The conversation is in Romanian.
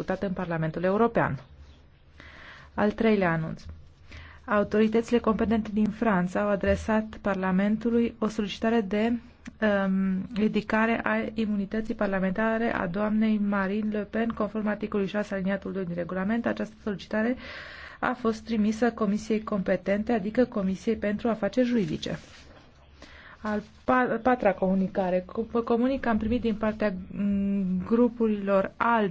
discutat în Parlamentul European. Al treilea anunț. Autoritățile competente din Franța au adresat Parlamentului o solicitare de um, ridicare a imunității parlamentare a doamnei Marine Le Pen, conform articolului 6 aliniatul 2 din regulament. Această solicitare a fost trimisă Comisiei competente, adică Comisiei pentru Afaceri Juridice. Al patra comunicare. Comunic am primit din partea mm, grupurilor ALDE